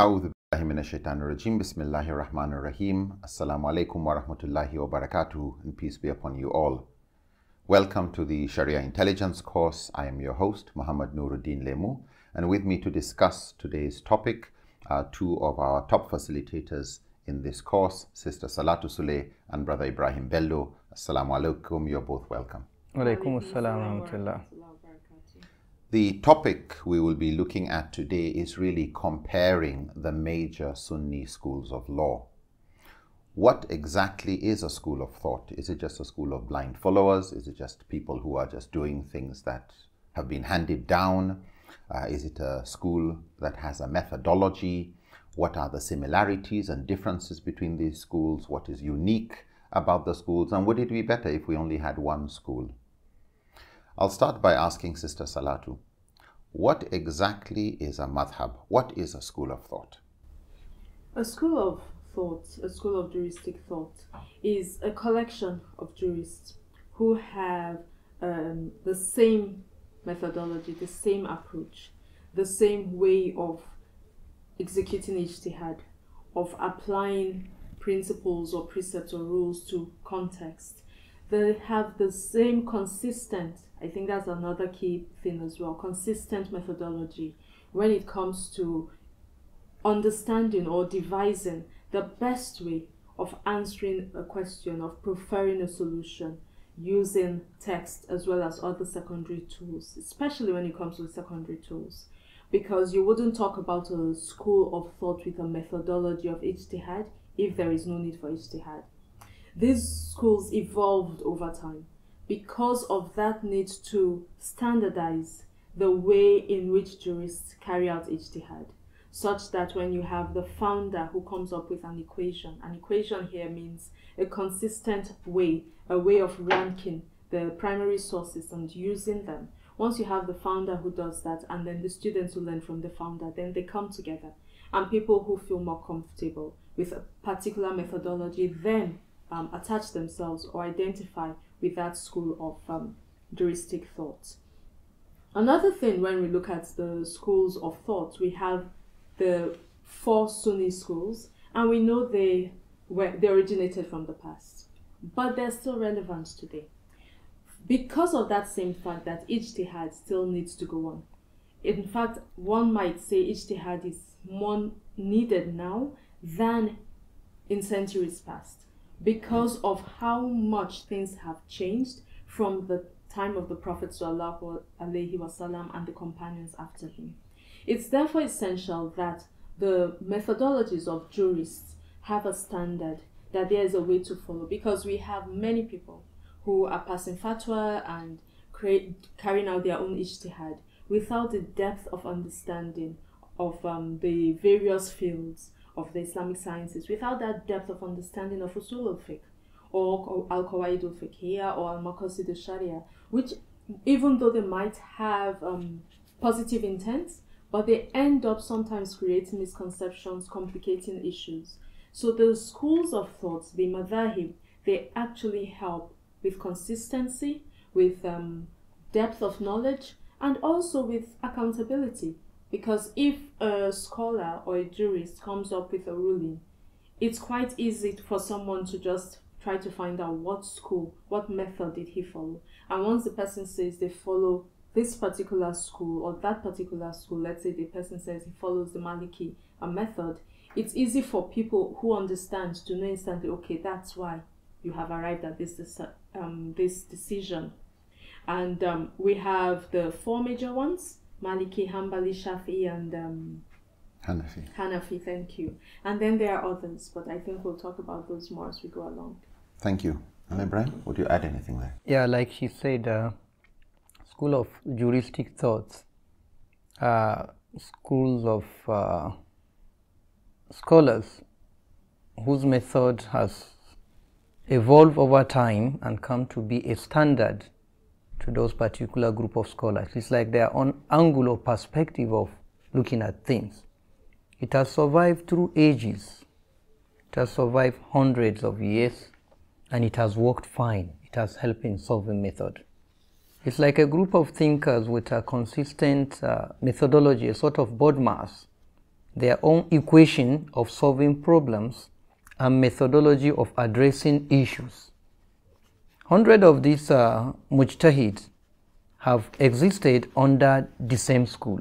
A'udhu billahi minashaitanir rajim. Bismillahir rahmanir rahim. Assalamu alaikum wa rahmatullahi wa barakatuh and peace be upon you all. Welcome to the Sharia Intelligence course. I am your host Muhammad Nuruddin Lemu and with me to discuss today's topic are two of our top facilitators in this course, Sister Salatu Sule and Brother Ibrahim Bello. Assalamu alaikum. You're both welcome. Alaikum assalam wa rahmatullah. The topic we will be looking at today is really comparing the major Sunni schools of law. What exactly is a school of thought? Is it just a school of blind followers? Is it just people who are just doing things that have been handed down? Uh, is it a school that has a methodology? What are the similarities and differences between these schools? What is unique about the schools? And would it be better if we only had one school? I'll start by asking Sister Salatu, what exactly is a madhab? What is a school of thought? A school of thought, a school of juristic thought, is a collection of jurists who have um, the same methodology, the same approach, the same way of executing ijtihad, of applying principles or precepts or rules to context. They have the same consistent I think that's another key thing as well consistent methodology when it comes to understanding or devising the best way of answering a question, of preferring a solution using text as well as other secondary tools, especially when it comes to secondary tools. Because you wouldn't talk about a school of thought with a methodology of Ijtihad if there is no need for Ijtihad. These schools evolved over time because of that need to standardize the way in which jurists carry out ijtihad, such that when you have the founder who comes up with an equation, an equation here means a consistent way, a way of ranking the primary sources and using them. Once you have the founder who does that, and then the students who learn from the founder, then they come together. And people who feel more comfortable with a particular methodology then um, attach themselves or identify with that school of um, juristic thought. Another thing, when we look at the schools of thought, we have the four Sunni schools, and we know they were they originated from the past, but they're still relevant today, because of that same fact that ijtihad still needs to go on. In fact, one might say ijtihad is more needed now than in centuries past because of how much things have changed from the time of the Prophet wasallam and the companions after him. It's therefore essential that the methodologies of jurists have a standard that there is a way to follow because we have many people who are passing fatwa and create, carrying out their own ijtihad without the depth of understanding of um, the various fields of the Islamic sciences without that depth of understanding of usul al-fiqh or al-qawaid al-fiqhiyya or al-maqasid al-sharia, which even though they might have um, positive intents, but they end up sometimes creating misconceptions, complicating issues. So the schools of thoughts, the madhahib, they actually help with consistency, with um, depth of knowledge, and also with accountability because if a scholar or a jurist comes up with a ruling, it's quite easy for someone to just try to find out what school, what method did he follow. And once the person says they follow this particular school or that particular school, let's say the person says he follows the Maliki method, it's easy for people who understand to know instantly, okay, that's why you have arrived at this, um, this decision. And um, we have the four major ones Maliki, Hanbali, Shafi, and um, Hanafi. Hanafi, thank you. And then there are others, but I think we'll talk about those more as we go along. Thank you. And Ibrahim, would you add anything there? Yeah, like she said, uh, school of juristic thoughts, uh, schools of uh, scholars whose method has evolved over time and come to be a standard to those particular group of scholars. It's like their own angle or perspective of looking at things. It has survived through ages. It has survived hundreds of years and it has worked fine. It has helped in solving method. It's like a group of thinkers with a consistent uh, methodology, a sort of board mass, their own equation of solving problems and methodology of addressing issues. Hundred of these uh, mujtahids have existed under the same school.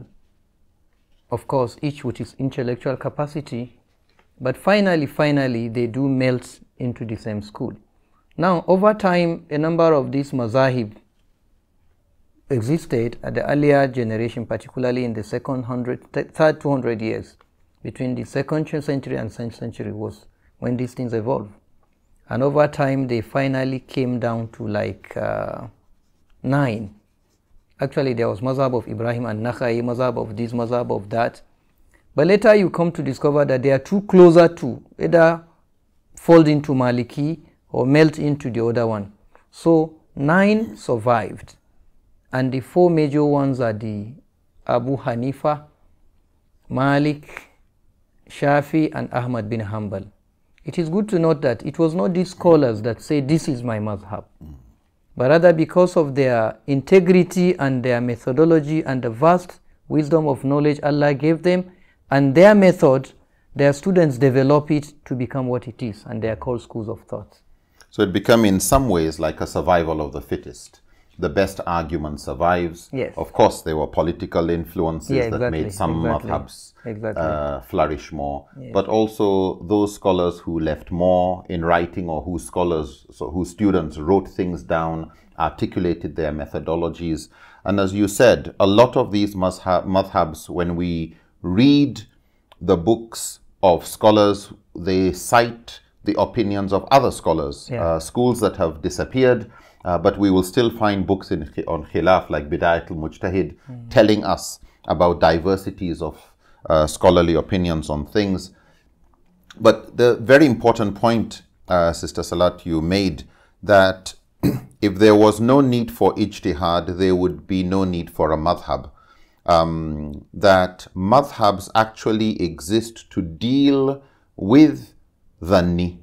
Of course, each with its intellectual capacity, but finally, finally, they do melt into the same school. Now, over time, a number of these mazahib existed at the earlier generation, particularly in the second hundred, third 200 years, between the second century and seventh century was when these things evolved and over time they finally came down to like uh, nine actually there was mazhab of ibrahim and nakhai mazhab of this mazhab of that but later you come to discover that they are too closer to either fold into maliki or melt into the other one so nine survived and the four major ones are the abu hanifa malik shafi and ahmad bin hanbal it is good to note that it was not these scholars that say this is my madhab, but rather because of their integrity and their methodology and the vast wisdom of knowledge Allah gave them and their method, their students develop it to become what it is and they are called schools of thought. So it became in some ways like a survival of the fittest the best argument survives. Yes. Of course, there were political influences yeah, exactly, that made some exactly. madhabs exactly. uh, flourish more. But also those scholars who left more in writing or whose scholars, so whose students wrote things down, articulated their methodologies. And as you said, a lot of these madhabs, when we read the books of scholars, they cite the opinions of other scholars, yeah. uh, schools that have disappeared, uh, but we will still find books in, on Khilaf like Bidayat al-Mujtahid mm. telling us about diversities of uh, scholarly opinions on things. But the very important point, uh, Sister Salat, you made that if there was no need for ijtihad, there would be no need for a madhab. Um, that madhabs actually exist to deal with dhanni,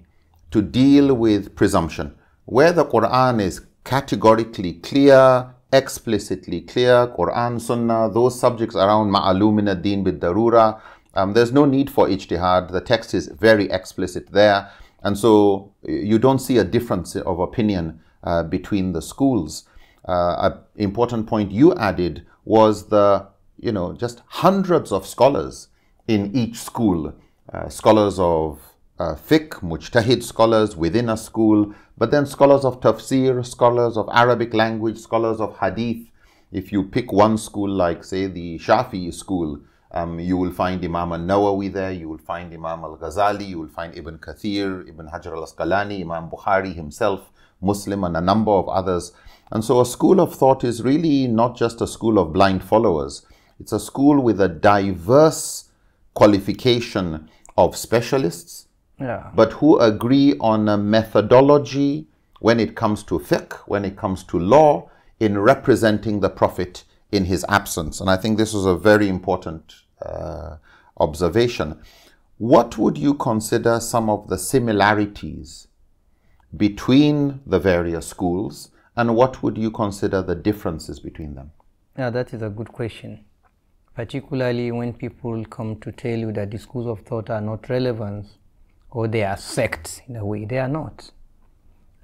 to deal with presumption. Where the Quran is categorically clear, explicitly clear, Quran, Sunnah, those subjects around ma'alumin ad-din bid-darura. Um, there's no need for ijtihad. The text is very explicit there. And so uh, you don't see a difference of opinion uh, between the schools. Uh, an important point you added was the, you know, just hundreds of scholars in each school, uh, scholars of uh, fiqh, mujtahid scholars within a school, but then scholars of tafsir, scholars of Arabic language, scholars of hadith. If you pick one school like, say, the Shafi'i school, um, you will find Imam al-Nawawi there, you will find Imam al-Ghazali, you will find Ibn Kathir, Ibn Hajar al-Asqalani, Imam Bukhari himself, Muslim and a number of others. And so a school of thought is really not just a school of blind followers. It's a school with a diverse qualification of specialists, but who agree on a methodology when it comes to fiqh, when it comes to law, in representing the Prophet in his absence. And I think this is a very important uh, observation. What would you consider some of the similarities between the various schools, and what would you consider the differences between them? Yeah, that is a good question. Particularly when people come to tell you that the schools of thought are not relevant or they are sects in a way. They are not.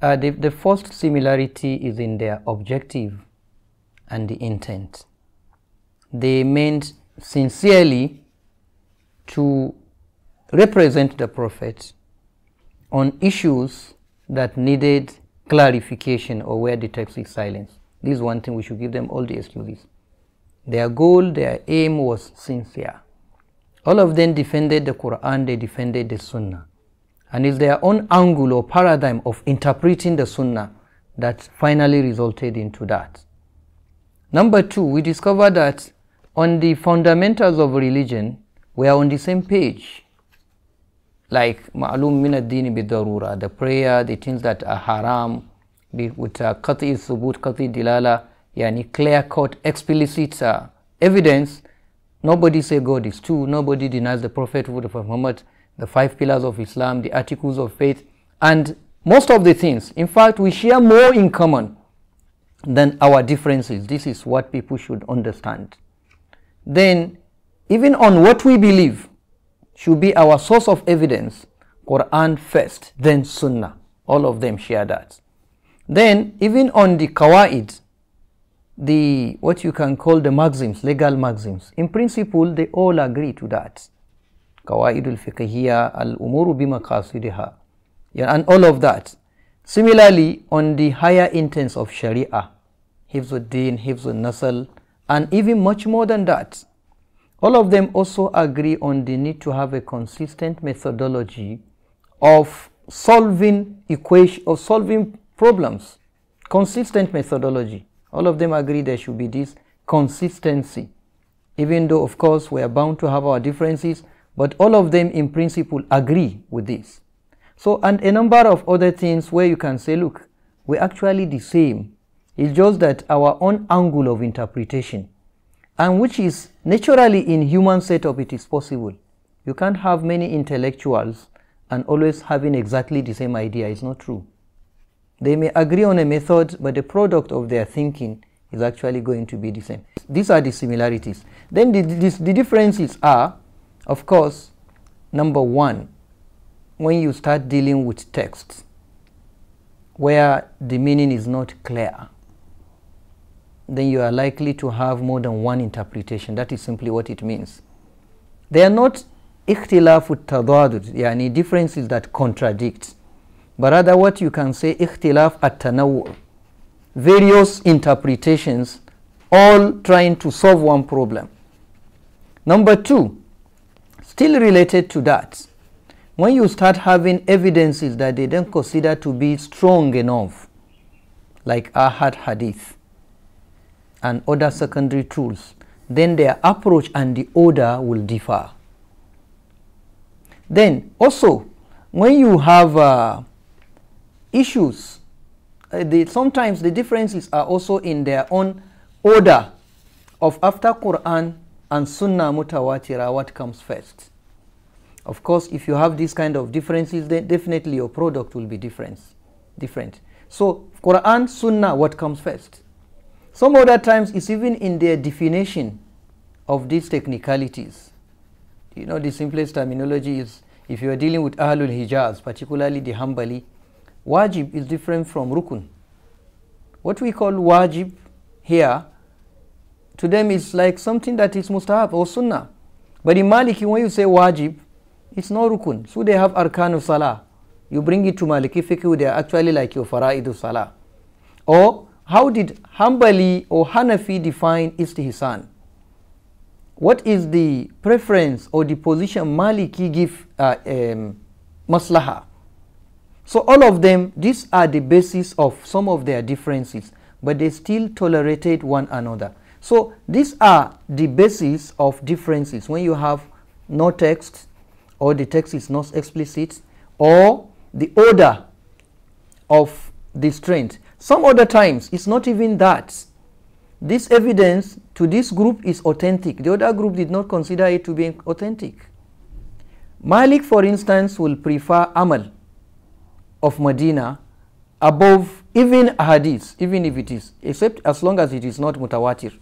Uh, the, the first similarity is in their objective and the intent. They meant sincerely to represent the Prophet on issues that needed clarification or where the text is silent. This is one thing we should give them all the excuses. Their goal, their aim was sincere. All of them defended the Quran, they defended the Sunnah. And it's their own angle or paradigm of interpreting the Sunnah that finally resulted into that. Number two, we discover that on the fundamentals of religion, we are on the same page. Like ma'lum min ad-dini bidarura, the prayer, the things that are haram, with uh, qati subut, qati dilala, yani clear-cut, explicit uh, evidence. Nobody say God is true. Nobody denies the prophethood of Muhammad the five pillars of Islam, the articles of faith, and most of the things. In fact, we share more in common than our differences. This is what people should understand. Then, even on what we believe should be our source of evidence Quran first, then Sunnah. All of them share that. Then, even on the kawaid, the what you can call the maxims, legal maxims, in principle, they all agree to that. قواعد الفقهية الأمور بمقاصدها yeah, and all of that similarly on the higher intents of Sharia Din, Hifzun Nasal and even much more than that all of them also agree on the need to have a consistent methodology of solving equation of solving problems consistent methodology all of them agree there should be this consistency even though of course we are bound to have our differences but all of them in principle agree with this. So, and a number of other things where you can say, look, we're actually the same. It's just that our own angle of interpretation, and which is naturally in human setup, it is possible. You can't have many intellectuals and always having exactly the same idea. It's not true. They may agree on a method, but the product of their thinking is actually going to be the same. These are the similarities. Then the, the, the differences are of course, number one, when you start dealing with texts where the meaning is not clear, then you are likely to have more than one interpretation. That is simply what it means. They are not ikhtilafu tadadud, yani differences that contradict. But rather what you can say ikhtilaf at various interpretations all trying to solve one problem. Number two, Still related to that, when you start having evidences that they don't consider to be strong enough, like Ahad Hadith and other secondary tools, then their approach and the order will differ. Then also, when you have uh, issues, uh, the, sometimes the differences are also in their own order of after Quran and sunnah mutawatira, what comes first? Of course, if you have these kind of differences, then definitely your product will be different. different. So, Quran, Sunnah, what comes first? Some other times, it's even in their definition of these technicalities. You know, the simplest terminology is if you are dealing with Ahlul Hijaz, particularly the hambali, wajib is different from rukun. What we call wajib here to them it's like something that is mustahab or sunnah. But in Maliki, when you say wajib, it's not rukun. So they have arkan of salah. You bring it to Maliki fiqh, they are actually like your faraidu salah. Or how did Hanbali or Hanafi define istihsan? What is the preference or the position Maliki give uh, um, maslaha? So all of them, these are the basis of some of their differences, but they still tolerated one another. So these are the basis of differences when you have no text or the text is not explicit or the order of the strength. Some other times it's not even that. This evidence to this group is authentic. The other group did not consider it to be authentic. Malik, for instance, will prefer Amal of Medina above even hadith, even if it is, except as long as it is not mutawatir.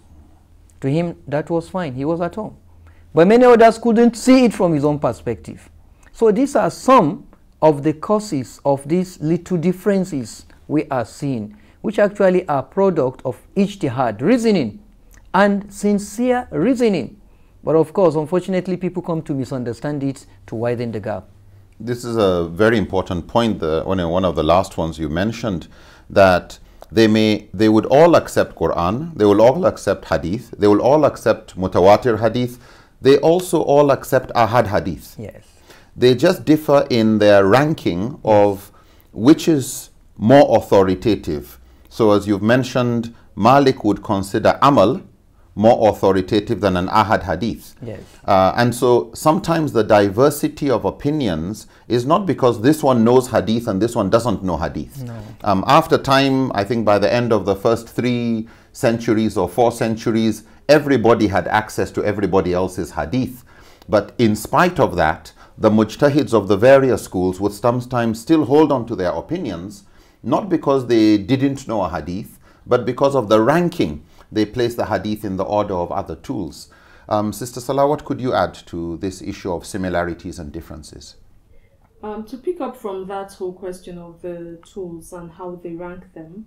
To him, that was fine. He was at home. But many others couldn't see it from his own perspective. So these are some of the causes of these little differences we are seeing, which actually are product of hard reasoning, and sincere reasoning. But of course, unfortunately, people come to misunderstand it to widen the gap. This is a very important point, the, one of the last ones you mentioned, that they may they would all accept Quran, they will all accept Hadith, they will all accept mutawatir Hadith, they also all accept Ahad Hadith. Yes. They just differ in their ranking of which is more authoritative. So as you've mentioned, Malik would consider Amal more authoritative than an ahad hadith. Yes. Uh, and so sometimes the diversity of opinions is not because this one knows hadith and this one doesn't know hadith. No. Um, after time, I think by the end of the first three centuries or four centuries, everybody had access to everybody else's hadith. But in spite of that, the mujtahids of the various schools would sometimes still hold on to their opinions, not because they didn't know a hadith, but because of the ranking they place the hadith in the order of other tools. Um, Sister Salah, what could you add to this issue of similarities and differences? Um, to pick up from that whole question of the tools and how they rank them,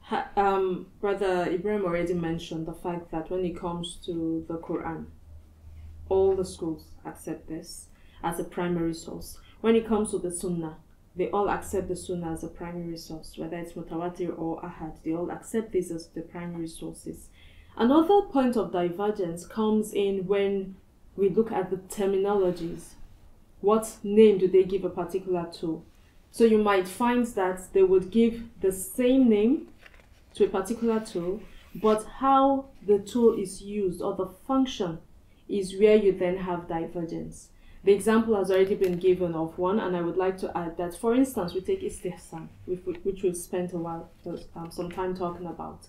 ha, um, Brother Ibrahim already mentioned the fact that when it comes to the Quran, all the schools accept this as a primary source. When it comes to the Sunnah, they all accept the Sunnah as a primary source, whether it's Mutawatir or Ahad, they all accept these as the primary sources. Another point of divergence comes in when we look at the terminologies. What name do they give a particular tool? So you might find that they would give the same name to a particular tool, but how the tool is used or the function is where you then have divergence. The example has already been given of one, and I would like to add that, for instance, we take istihsan, which we've spent a while, uh, um, some time talking about.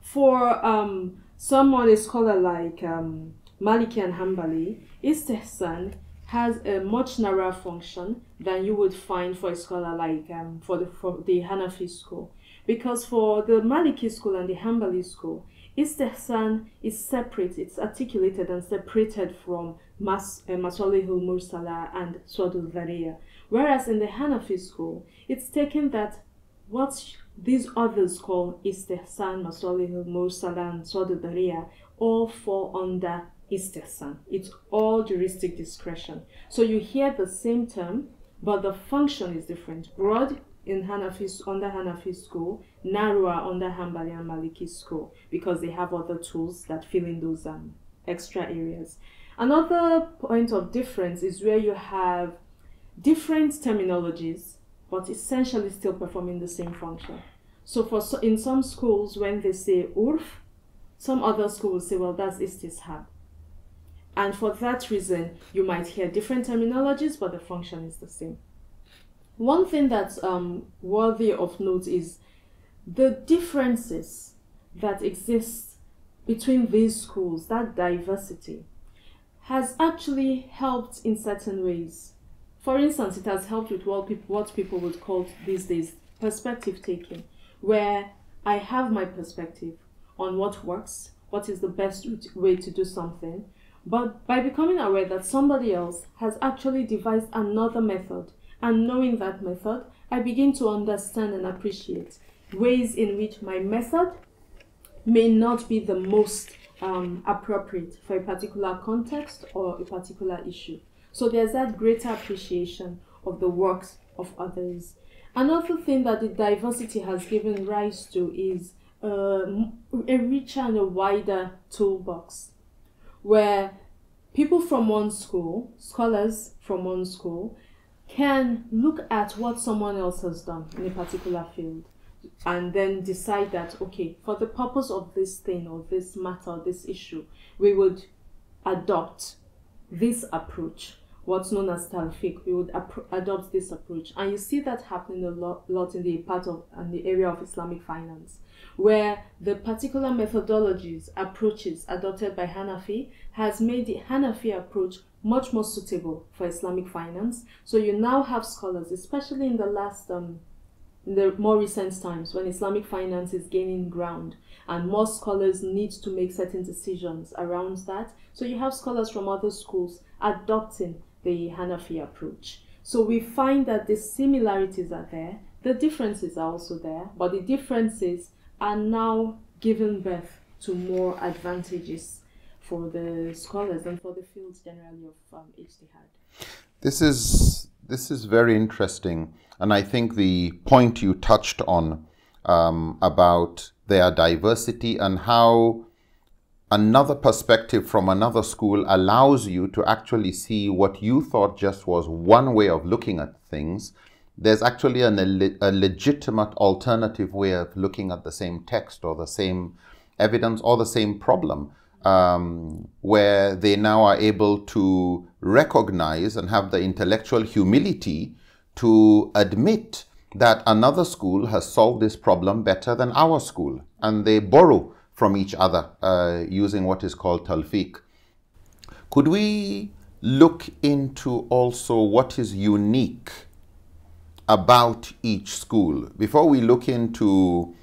For um, someone, a scholar like um, Maliki and Hanbali, istihsan has a much narrower function than you would find for a scholar like um, for, the, for the Hanafi school. Because for the Maliki school and the Hanbali school, istihsan is separate, it's articulated and separated from Mas, uh, eh, Maswalihu Mursala and Swadul Dharia. Whereas in the Hanafi school, it's taken that what these others call Istihsan, masolihu Mursala and Swadul Dharia all fall under Istihsan. It's all juristic discretion. So you hear the same term, but the function is different. Broad in Hanafi, under Hanafi school, narrower under Hanbali and Maliki school, because they have other tools that fill in those um, extra areas. Another point of difference is where you have different terminologies, but essentially still performing the same function. So for so in some schools, when they say urf, some other schools say, well, that's istishab. And for that reason, you might hear different terminologies, but the function is the same. One thing that's um, worthy of note is the differences that exist between these schools, that diversity has actually helped in certain ways. For instance, it has helped with what people, what people would call these days perspective taking, where I have my perspective on what works, what is the best way to do something, but by becoming aware that somebody else has actually devised another method, and knowing that method, I begin to understand and appreciate ways in which my method may not be the most um, appropriate for a particular context or a particular issue. So there's that greater appreciation of the works of others. Another thing that the diversity has given rise to is uh, a richer and a wider toolbox where people from one school, scholars from one school, can look at what someone else has done in a particular field and then decide that okay for the purpose of this thing or this matter this issue we would adopt this approach what's known as talfiq we would adopt this approach and you see that happening a lot, lot in the part of and the area of islamic finance where the particular methodologies approaches adopted by hanafi has made the hanafi approach much more suitable for islamic finance so you now have scholars especially in the last um, in the more recent times when Islamic finance is gaining ground and more scholars need to make certain decisions around that. So you have scholars from other schools adopting the Hanafi approach. So we find that the similarities are there, the differences are also there, but the differences are now giving birth to more advantages for the scholars and for the fields generally of um, Ijtihad. This is, this is very interesting and I think the point you touched on um, about their diversity and how another perspective from another school allows you to actually see what you thought just was one way of looking at things. There's actually an, a legitimate alternative way of looking at the same text or the same evidence or the same problem. Um, where they now are able to recognize and have the intellectual humility to admit that another school has solved this problem better than our school, and they borrow from each other uh, using what is called talfiq. Could we look into also what is unique about each school before we look into,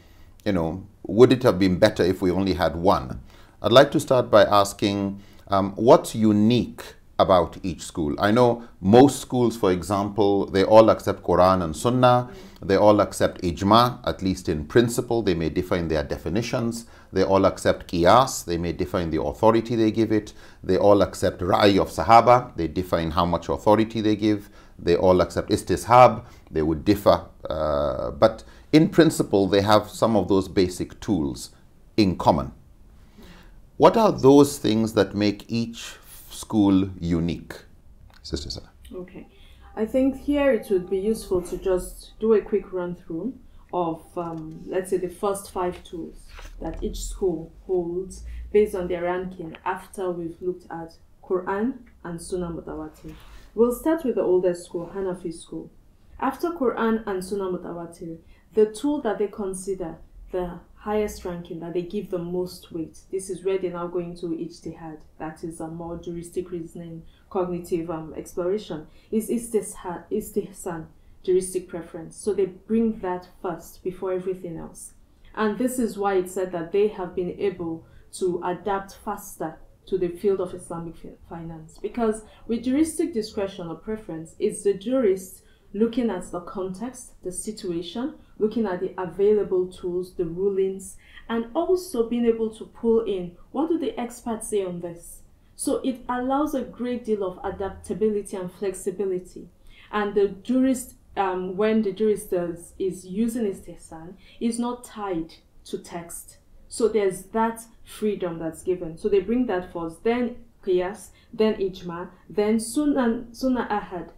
you know, would it have been better if we only had one? I'd like to start by asking um, what's unique about each school. I know most schools, for example, they all accept Quran and Sunnah. They all accept ijma, at least in principle. They may differ in their definitions. They all accept qiyas. They may differ in the authority they give it. They all accept ra'i of sahaba. They differ in how much authority they give. They all accept istishab. They would differ. Uh, but in principle, they have some of those basic tools in common. What are those things that make each school unique, Sister Sarah? Okay. I think here it would be useful to just do a quick run through of, um, let's say, the first five tools that each school holds based on their ranking after we've looked at Quran and Sunnah Mutawatir. We'll start with the oldest school, Hanafi school. After Quran and Sunnah Mutawatir, the tool that they consider the highest ranking that they give the most weight. This is where they're now going to Ijtihad, that is a more juristic reasoning, cognitive um, exploration. Is Istihsan, juristic preference. So they bring that first before everything else. And this is why it said that they have been able to adapt faster to the field of Islamic finance because with juristic discretion or preference, it's the jurist looking at the context, the situation, looking at the available tools, the rulings, and also being able to pull in what do the experts say on this. So it allows a great deal of adaptability and flexibility. And the jurist, um, when the jurist is, is using his tesan, is not tied to text. So there's that freedom that's given. So they bring that forth. Then qiyas, then ijma, then sunan, sunnah ahad.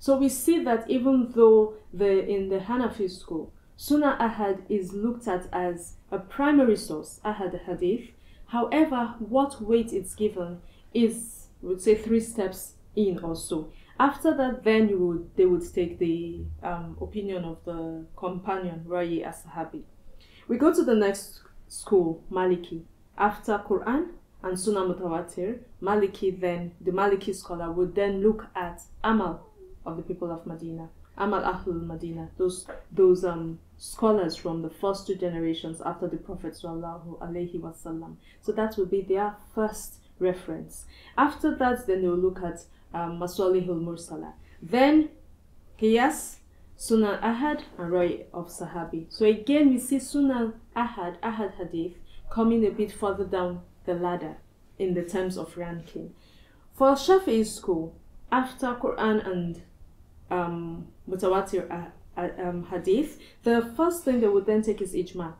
So we see that even though the in the Hanafi school, Sunnah Ahad is looked at as a primary source, Ahad Hadith. However, what weight it's given is, would say, three steps in or so. After that, then you would they would take the um, opinion of the companion Rayi Ashabi. We go to the next school, Maliki. After Quran and Sunnah Mutawatir, Maliki then the Maliki scholar would then look at Amal of the people of Medina. Amal Ahlul Medina, those those um, scholars from the first two generations after the Prophet sallallahu alaihi wasallam. So that will be their first reference. After that, then they will look at um, Masalihul Mursala. Then Qiyas, Sunan Ahad, and Roy of Sahabi. So again, we see Sunan Ahad, Ahad Hadith, coming a bit further down the ladder in the terms of ranking. For Shafi'i school, after Quran and um, mutawatir uh, uh, um, hadith, the first thing they would then take is ijma.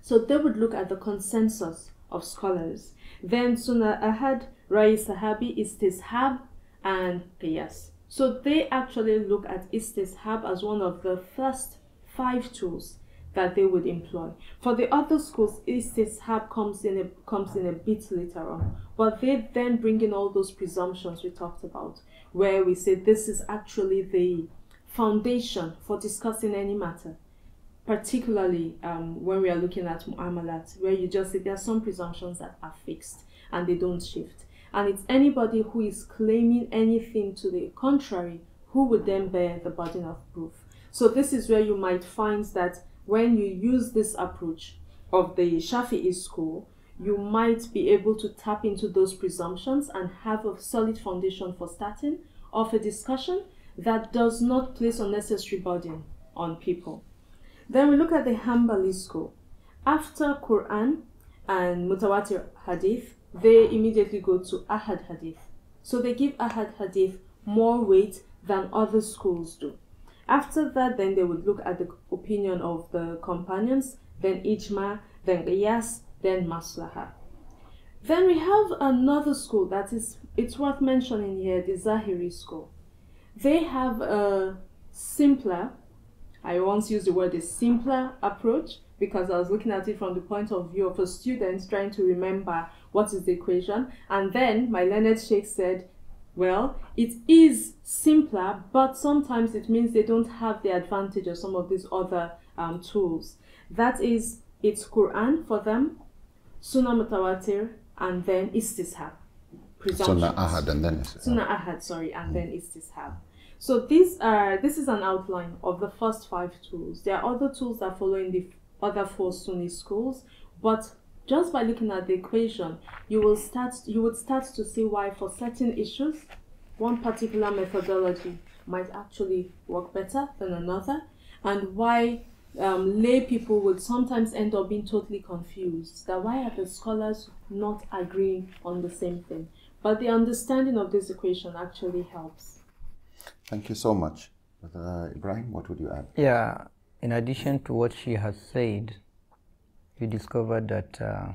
So they would look at the consensus of scholars. Then Sunnah Ahad, Rai Sahabi, Istishab, and Qiyas. So they actually look at Istishab as one of the first five tools that they would employ. For the other schools, Istishab comes in a, comes in a bit later on. But they then bring in all those presumptions we talked about where we say this is actually the foundation for discussing any matter, particularly um, when we are looking at mu'amalat, where you just say there are some presumptions that are fixed and they don't shift. And it's anybody who is claiming anything to the contrary who would then bear the burden of proof. So this is where you might find that when you use this approach of the Shafi'i school, you might be able to tap into those presumptions and have a solid foundation for starting of a discussion that does not place unnecessary burden on people. Then we look at the Hanbali school. After Quran and Mutawatir Hadith, they immediately go to Ahad Hadith. So they give Ahad Hadith more weight than other schools do. After that, then they would look at the opinion of the companions, then Ijma, then Qiyas, then maslaha. Then we have another school that is it's worth mentioning here, the Zahiri school. They have a simpler, I once used the word a simpler approach because I was looking at it from the point of view of a student trying to remember what is the equation. And then my learned sheikh said, well, it is simpler, but sometimes it means they don't have the advantage of some of these other um, tools. That is, it's Quran for them, Sunnah mutawatir and then istishab. Sunnah ahad and then istishab. Sunnah ahad, sorry, and mm. then istishab. So these are uh, this is an outline of the first five tools. There are other tools that follow in the other four Sunni schools, but just by looking at the equation, you will start you would start to see why for certain issues, one particular methodology might actually work better than another, and why um, lay people would sometimes end up being totally confused that why are the scholars not agreeing on the same thing? But the understanding of this equation actually helps. Thank you so much. Uh, Ibrahim, what would you add? Yeah, in addition to what she has said, you discovered that uh,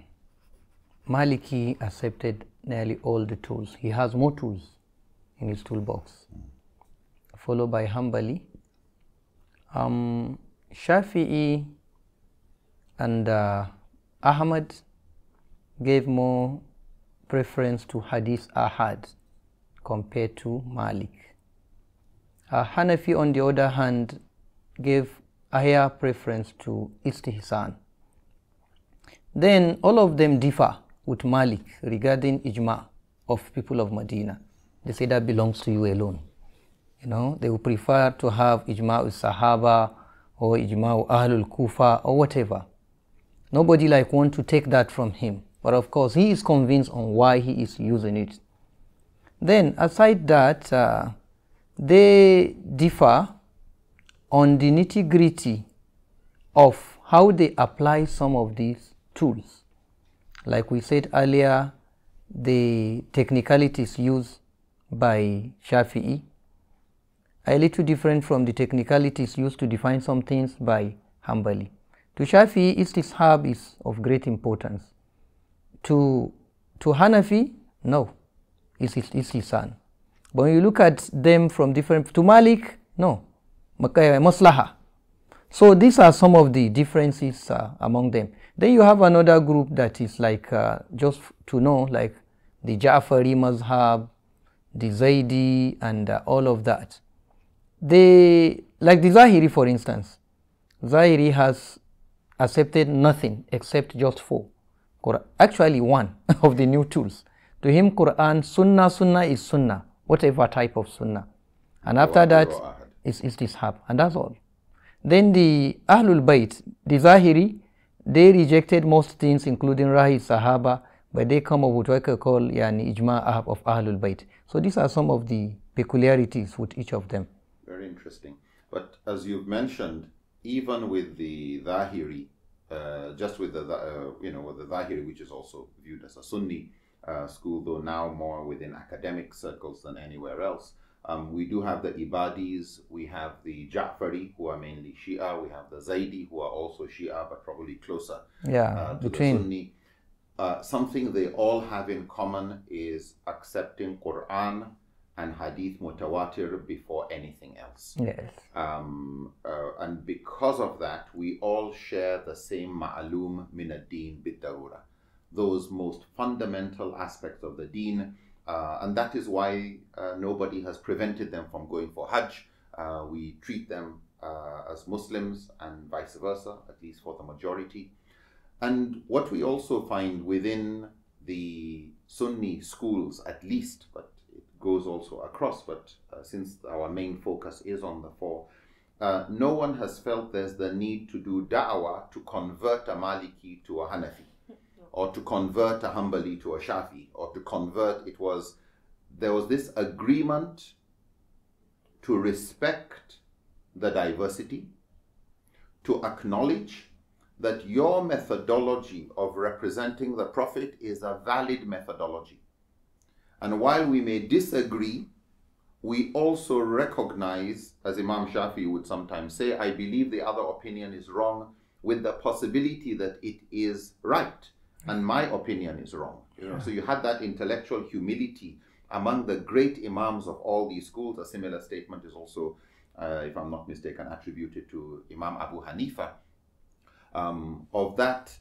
Maliki accepted nearly all the tools. He has more tools in his toolbox, mm. followed by Hanbali. Um, Shafi'i and uh, Ahmad gave more preference to hadith ahad compared to Malik. Uh, Hanafi, on the other hand, gave a higher preference to istihsan. Then all of them differ with Malik regarding ijma of people of Medina. They say that belongs to you alone. You know, they would prefer to have ijma with Sahaba or ijma'u ahlul kufa or whatever nobody like want to take that from him but of course he is convinced on why he is using it then aside that uh, they differ on the nitty-gritty of how they apply some of these tools like we said earlier the technicalities used by shafi'i are a little different from the technicalities used to define some things by Hanbali. To Shafi, Hab is of great importance. To, to Hanafi, no, it's, it's his son. But when you look at them from different, to Malik, no, eh, maslaha. So these are some of the differences uh, among them. Then you have another group that is like, uh, just to know, like the Ja'fari Mazhab, the Zaidi, and uh, all of that. The like the Zahiri for instance, Zahiri has accepted nothing except just four, actually one of the new tools. To him, Quran, Sunnah, Sunnah is Sunnah, whatever type of Sunnah. And after that, it's, it's half, and that's all. Then the Ahlul Bayt, the Zahiri, they rejected most things, including Rahi Sahaba, but they come up with what I call yani, Ijma of Ahlul Bayt. So these are some of the peculiarities with each of them. Very interesting. But as you've mentioned, even with the Zahiri, uh, just with the uh, you know with the Zahiri, which is also viewed as a Sunni uh, school, though now more within academic circles than anywhere else. Um, we do have the Ibadis, we have the Ja'fari, who are mainly Shia, we have the Zaidi, who are also Shia, but probably closer uh, yeah, between. Uh, something they all have in common is accepting Quran and hadith mutawatir before anything else. Yes. Um, uh, and because of that, we all share the same ma'alum min ad bid-darura, those most fundamental aspects of the deen. Uh, and that is why uh, nobody has prevented them from going for hajj. Uh, we treat them uh, as Muslims and vice versa, at least for the majority. And what we also find within the Sunni schools, at least, but goes also across, but uh, since our main focus is on the four, uh, no one has felt there's the need to do da'wah to convert a Maliki to a Hanafi, or to convert a Hanbali to a Shafi, or to convert. It was there was this agreement to respect the diversity, to acknowledge that your methodology of representing the Prophet is a valid methodology and while we may disagree, we also recognize, as Imam Shafi would sometimes say, I believe the other opinion is wrong, with the possibility that it is right and my opinion is wrong. You know? yeah. So you had that intellectual humility among the great imams of all these schools. A similar statement is also, uh, if I'm not mistaken, attributed to Imam Abu Hanifa um, of that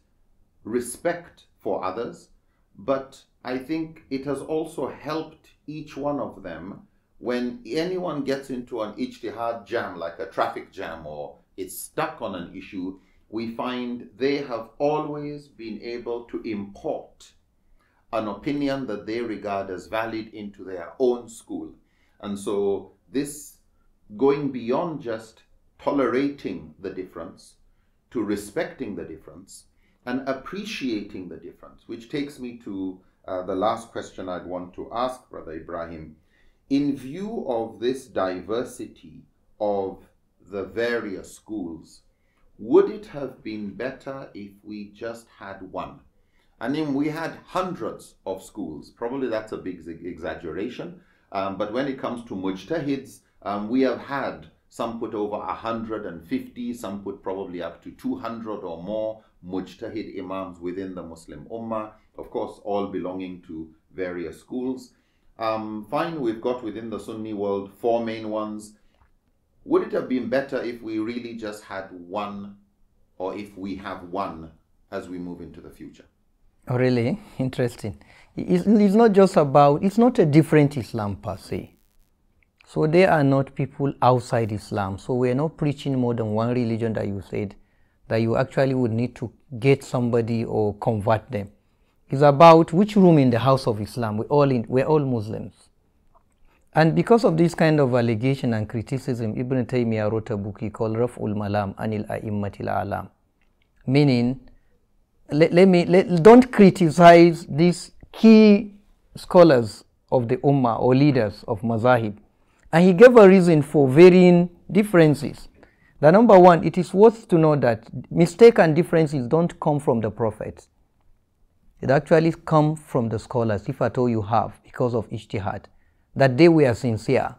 respect for others but I think it has also helped each one of them when anyone gets into an ijtihad jam, like a traffic jam, or is stuck on an issue, we find they have always been able to import an opinion that they regard as valid into their own school. And so this going beyond just tolerating the difference to respecting the difference and appreciating the difference, which takes me to uh, the last question I'd want to ask, Brother Ibrahim. In view of this diversity of the various schools, would it have been better if we just had one? I mean, we had hundreds of schools. Probably that's a big exaggeration. Um, but when it comes to mujtahids, um, we have had some put over 150, some put probably up to 200 or more mujtahid imams within the Muslim Ummah, of course, all belonging to various schools. Um, fine, we've got within the Sunni world four main ones. Would it have been better if we really just had one, or if we have one as we move into the future? Oh, really? Interesting. It's, it's not just about, it's not a different Islam per se. So they are not people outside Islam. So we are not preaching more than one religion that you said that you actually would need to get somebody or convert them. It's about which room in the house of Islam we're all in, we're all Muslims. And because of this kind of allegation and criticism, Ibn Taymiyyah wrote a book he called Raf'ul Malam Anil A'immatil Alam, meaning let, let me let, don't criticize these key scholars of the ummah or leaders of mazahib and he gave a reason for varying differences the number one, it is worth to know that mistake and differences don't come from the prophets. It actually comes from the scholars, if at all you have, because of ijtihad, that they were sincere,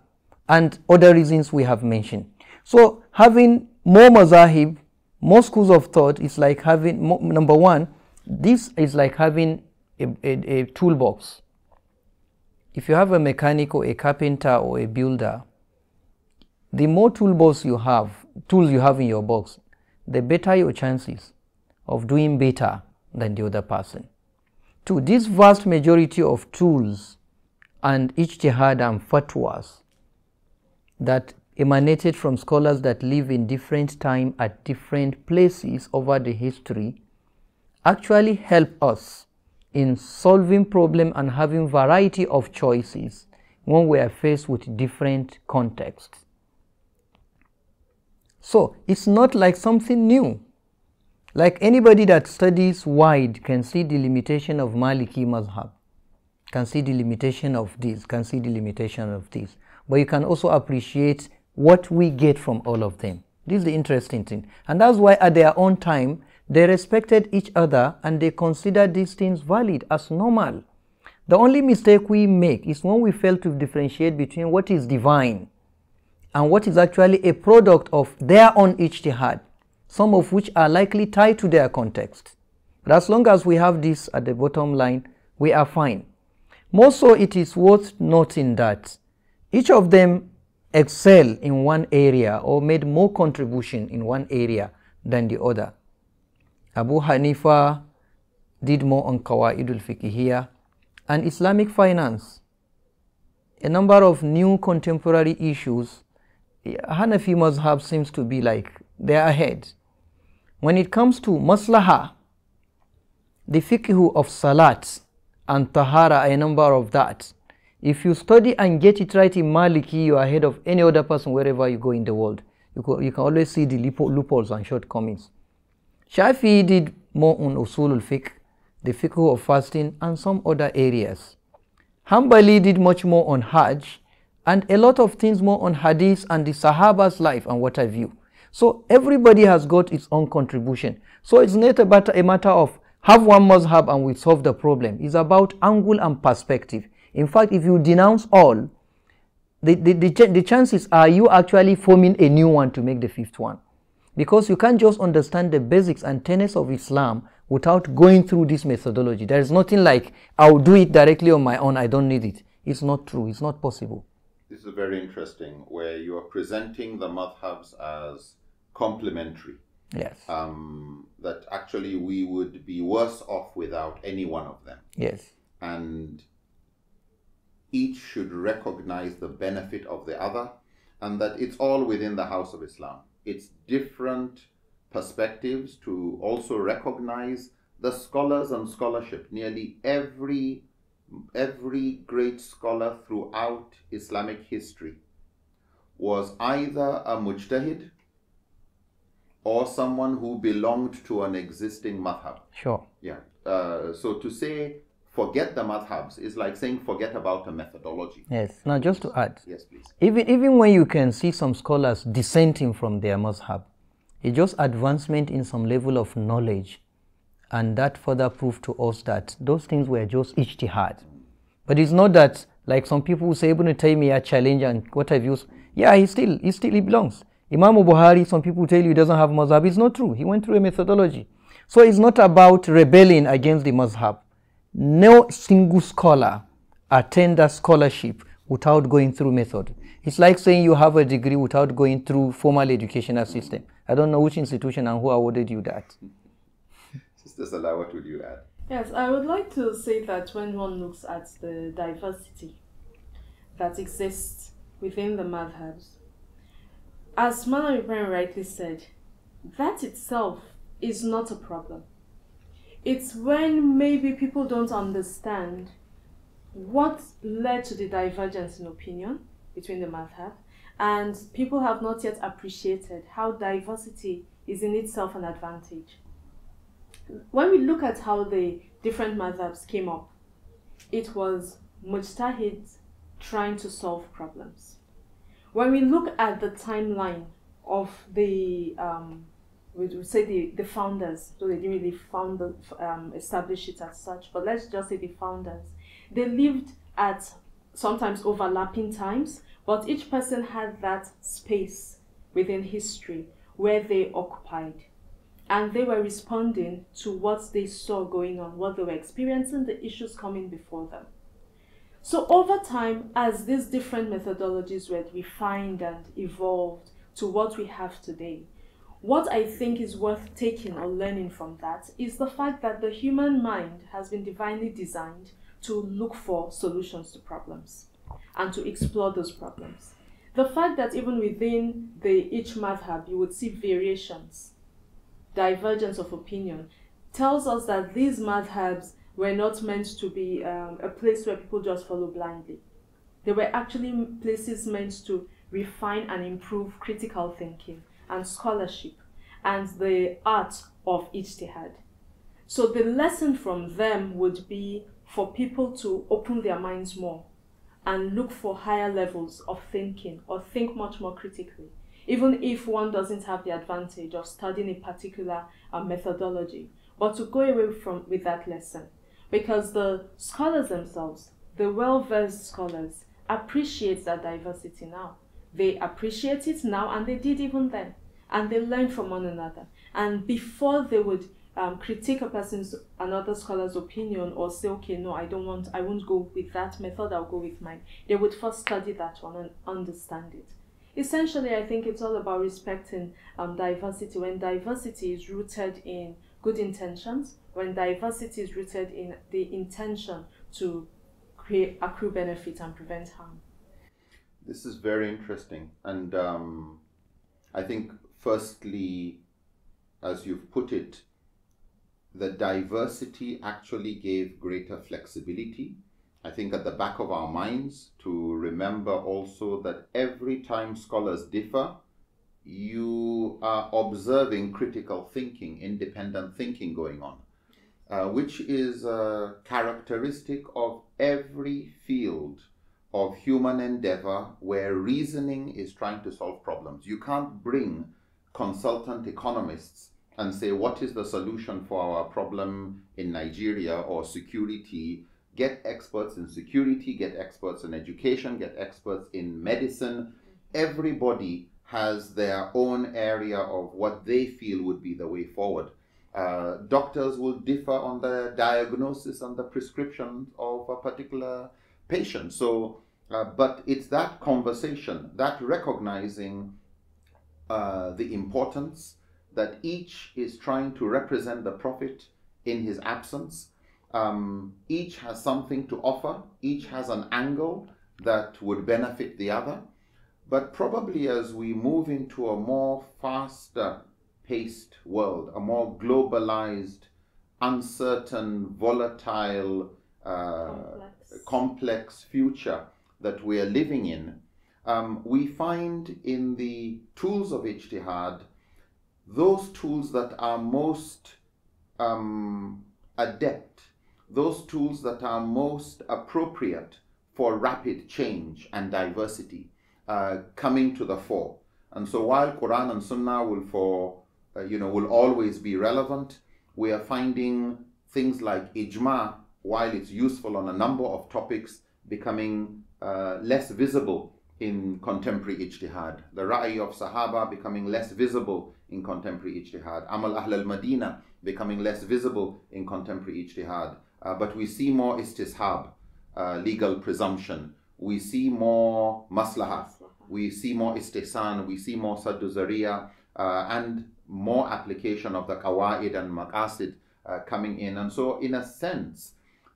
and other reasons we have mentioned. So having more mazahib, more schools of thought is like having, number one, this is like having a, a, a toolbox. If you have a mechanic or a carpenter or a builder, the more toolbox you have, tools you have in your box, the better your chances of doing better than the other person. Two, this vast majority of tools and ijtihad and fatwas that emanated from scholars that live in different time at different places over the history actually help us in solving problem and having variety of choices when we are faced with different contexts. So it's not like something new. Like anybody that studies wide can see the limitation of Maliki Mazhab, can see the limitation of this, can see the limitation of this. But you can also appreciate what we get from all of them. This is the interesting thing. And that's why at their own time, they respected each other and they considered these things valid as normal. The only mistake we make is when we fail to differentiate between what is divine and what is actually a product of their own ijtihad, some of which are likely tied to their context. But as long as we have this at the bottom line, we are fine. More so, it is worth noting that each of them excel in one area or made more contribution in one area than the other. Abu Hanifa did more on Qawaidul Fiqhiyya and Islamic finance. A number of new contemporary issues Hanafi mazhab seems to be like they are ahead. When it comes to maslaha, the fiqh of salat and tahara, a number of that. If you study and get it right in Maliki, you are ahead of any other person wherever you go in the world. You, you can always see the loopholes and shortcomings. Shafi did more on usul al-fiqh, the fiqh of fasting, and some other areas. Hanbali did much more on Hajj, and a lot of things more on hadith and the Sahaba's life and what have you. So everybody has got its own contribution. So it's not about a matter of have one mazhab and we solve the problem. It's about angle and perspective. In fact, if you denounce all, the, the, the, the chances are you actually forming a new one to make the fifth one. Because you can't just understand the basics and tenets of Islam without going through this methodology. There is nothing like, I'll do it directly on my own, I don't need it. It's not true, it's not possible this is very interesting, where you are presenting the madhabs as complementary. Yes. Um, that actually we would be worse off without any one of them. Yes. And each should recognize the benefit of the other and that it's all within the house of Islam. It's different perspectives to also recognize the scholars and scholarship. Nearly every every great scholar throughout Islamic history was either a mujtahid or someone who belonged to an existing madhab. Sure. Yeah. Uh, so to say forget the madhabs is like saying forget about a methodology. Yes. Now just to add. Yes, please. Even, even when you can see some scholars dissenting from their madhab, it's just advancement in some level of knowledge and that further proved to us that those things were just ijtihad. But it's not that, like some people who say Ibn Taymiyyah challenge and what have you. Yeah, he still, he still, he belongs. Imam Buhari, some people tell you he doesn't have mazhab. It's not true. He went through a methodology. So it's not about rebelling against the mazhab. No single scholar attained a scholarship without going through method. It's like saying you have a degree without going through formal educational system. I don't know which institution and who awarded you that. Sisters what would you add? Yes, I would like to say that when one looks at the diversity that exists within the madhabs, as Madam Ibrahim rightly said, that itself is not a problem. It's when maybe people don't understand what led to the divergence in opinion between the madhab, and people have not yet appreciated how diversity is in itself an advantage when we look at how the different madhabs came up, it was mujtahids trying to solve problems. When we look at the timeline of the, um, we would say the, the founders, so they didn't really found the, um, establish it as such, but let's just say the founders, they lived at sometimes overlapping times, but each person had that space within history where they occupied and they were responding to what they saw going on, what they were experiencing, the issues coming before them. So, over time, as these different methodologies were refined and evolved to what we have today, what I think is worth taking or learning from that is the fact that the human mind has been divinely designed to look for solutions to problems and to explore those problems. The fact that even within the each madhab you would see variations divergence of opinion tells us that these madhabs were not meant to be um, a place where people just follow blindly. They were actually places meant to refine and improve critical thinking and scholarship and the art of ijtihad. So the lesson from them would be for people to open their minds more and look for higher levels of thinking or think much more critically even if one doesn't have the advantage of studying a particular uh, methodology, but to go away from with that lesson. Because the scholars themselves, the well-versed scholars, appreciate that diversity now. They appreciate it now and they did even then. And they learn from one another. And before they would um, critique a person's another scholar's opinion or say, okay, no, I don't want, I won't go with that method, I'll go with mine. They would first study that one and understand it essentially, I think it's all about respecting um, diversity. When diversity is rooted in good intentions, when diversity is rooted in the intention to create accrue benefit and prevent harm. This is very interesting, and um, I think firstly, as you've put it, the diversity actually gave greater flexibility I think, at the back of our minds to remember also that every time scholars differ, you are observing critical thinking, independent thinking going on, uh, which is a characteristic of every field of human endeavor where reasoning is trying to solve problems. You can't bring consultant economists and say, what is the solution for our problem in Nigeria or security get experts in security, get experts in education, get experts in medicine. Everybody has their own area of what they feel would be the way forward. Uh, doctors will differ on the diagnosis and the prescription of a particular patient. So, uh, but it's that conversation, that recognizing uh, the importance that each is trying to represent the prophet in his absence um, each has something to offer, each has an angle that would benefit the other. But probably as we move into a more faster paced world, a more globalized, uncertain, volatile, uh, complex. complex. future that we are living in, um, we find in the tools of Ijtihad those tools that are most um, adept those tools that are most appropriate for rapid change and diversity uh, coming to the fore. And so while Quran and Sunnah will for uh, you know will always be relevant, we are finding things like ijma, while it's useful on a number of topics, becoming uh, less visible in contemporary ijtihad. The ra'i of Sahaba becoming less visible in contemporary ijtihad. Amal Ahl al-Madina becoming less visible in contemporary ijtihad. Uh, but we see more istishab, uh, legal presumption. We see more maslahah. We see more istisan. We see more sadduzaria uh, and more application of the kawaid and maqasid uh, coming in. And so, in a sense,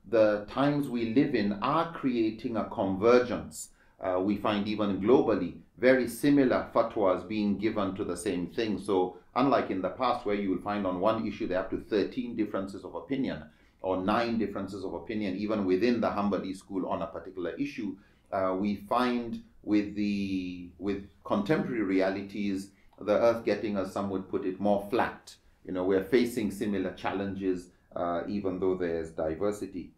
the times we live in are creating a convergence. Uh, we find even globally very similar fatwas being given to the same thing. So, unlike in the past where you will find on one issue they have to 13 differences of opinion, or nine differences of opinion, even within the Hanbali school on a particular issue, uh, we find with the with contemporary realities, the earth getting, as some would put it, more flat. You know, we're facing similar challenges, uh, even though there's diversity.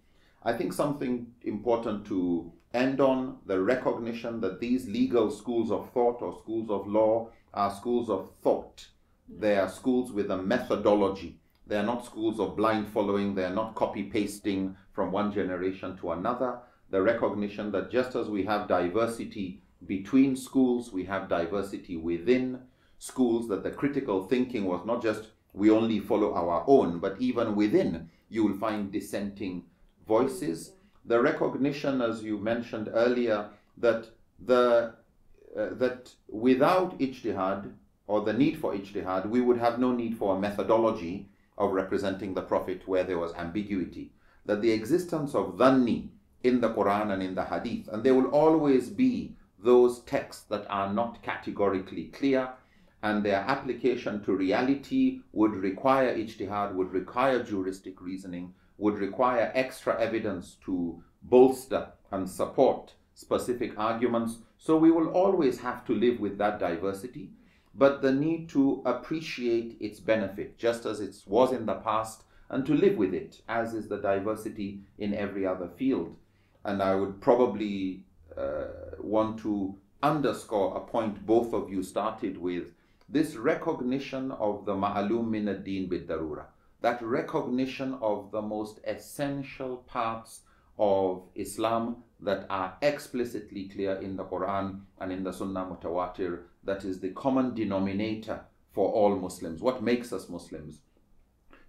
I think something important to end on the recognition that these legal schools of thought or schools of law are schools of thought. They are schools with a methodology they are not schools of blind following. They are not copy pasting from one generation to another. The recognition that just as we have diversity between schools, we have diversity within schools, that the critical thinking was not just we only follow our own, but even within you will find dissenting voices. The recognition, as you mentioned earlier, that the uh, that without ijtihad or the need for ijtihad, we would have no need for a methodology of representing the Prophet where there was ambiguity. That the existence of dhanni in the Quran and in the Hadith, and there will always be those texts that are not categorically clear and their application to reality would require ijtihad, would require juristic reasoning, would require extra evidence to bolster and support specific arguments. So we will always have to live with that diversity but the need to appreciate its benefit just as it was in the past and to live with it, as is the diversity in every other field. And I would probably uh, want to underscore a point both of you started with this recognition of the ma'alum min ad-din bid-darura that recognition of the most essential parts of Islam that are explicitly clear in the Quran and in the Sunnah mutawatir that is the common denominator for all Muslims, what makes us Muslims.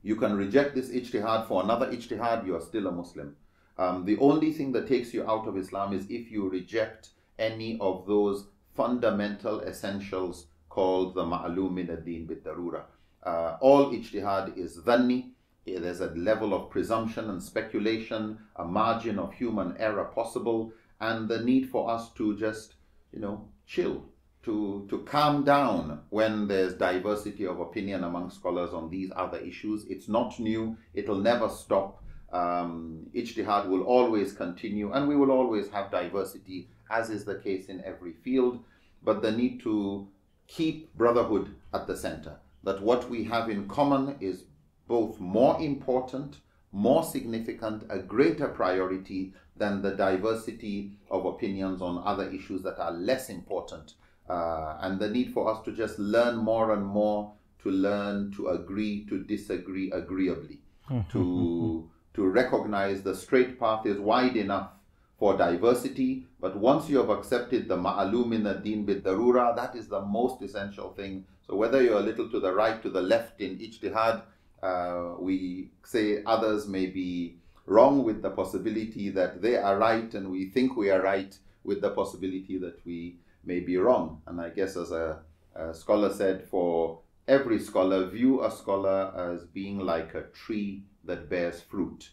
You can reject this ijtihad for another ijtihad, you are still a Muslim. Um, the only thing that takes you out of Islam is if you reject any of those fundamental essentials called the maalum min ad-din bid uh, all ijtihad is dhanni. Eh, there's a level of presumption and speculation, a margin of human error possible, and the need for us to just, you know, chill, to, to calm down when there's diversity of opinion among scholars on these other issues. It's not new, it'll never stop. Um, Ijtihad will always continue, and we will always have diversity, as is the case in every field. But the need to keep brotherhood at the center, that what we have in common is both more important, more significant, a greater priority than the diversity of opinions on other issues that are less important uh, and the need for us to just learn more and more to learn to agree to disagree agreeably mm-hmm. to to recognize the straight path is wide enough for diversity but once you have accepted the ma'alum in the din bid darura that is the most essential thing so whether you're a little to the right to the left in ijtihad uh, we say others may be wrong with the possibility that they are right and we think we are right with the possibility that we may be wrong. And I guess, as a, a scholar said, for every scholar, view a scholar as being like a tree that bears fruit.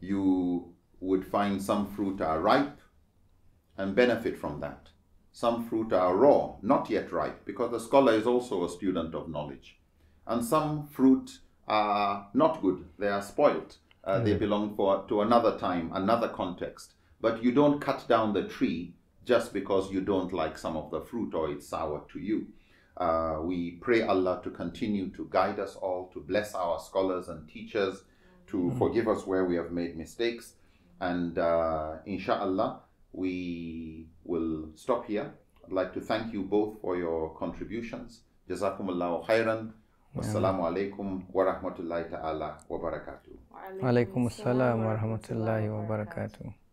You would find some fruit are ripe and benefit from that. Some fruit are raw, not yet ripe, because the scholar is also a student of knowledge. And some fruit are not good, they are spoilt. Uh, mm. They hmm. belong for, to another time, another context. But you don't cut down the tree just because you don't like some of the fruit or it's sour to you. Uh, we pray Allah to continue to guide us all, to bless our scholars and teachers, to mm-hmm. forgive us where we have made mistakes. And uh, inshallah, we will stop here. I'd like to thank you both for your contributions. Jazakumullahu khairan. Wassalamu alaikum wa rahmatullahi ta'ala wa barakatuh. Wa alaikum assalam wa rahmatullahi wa barakatuh.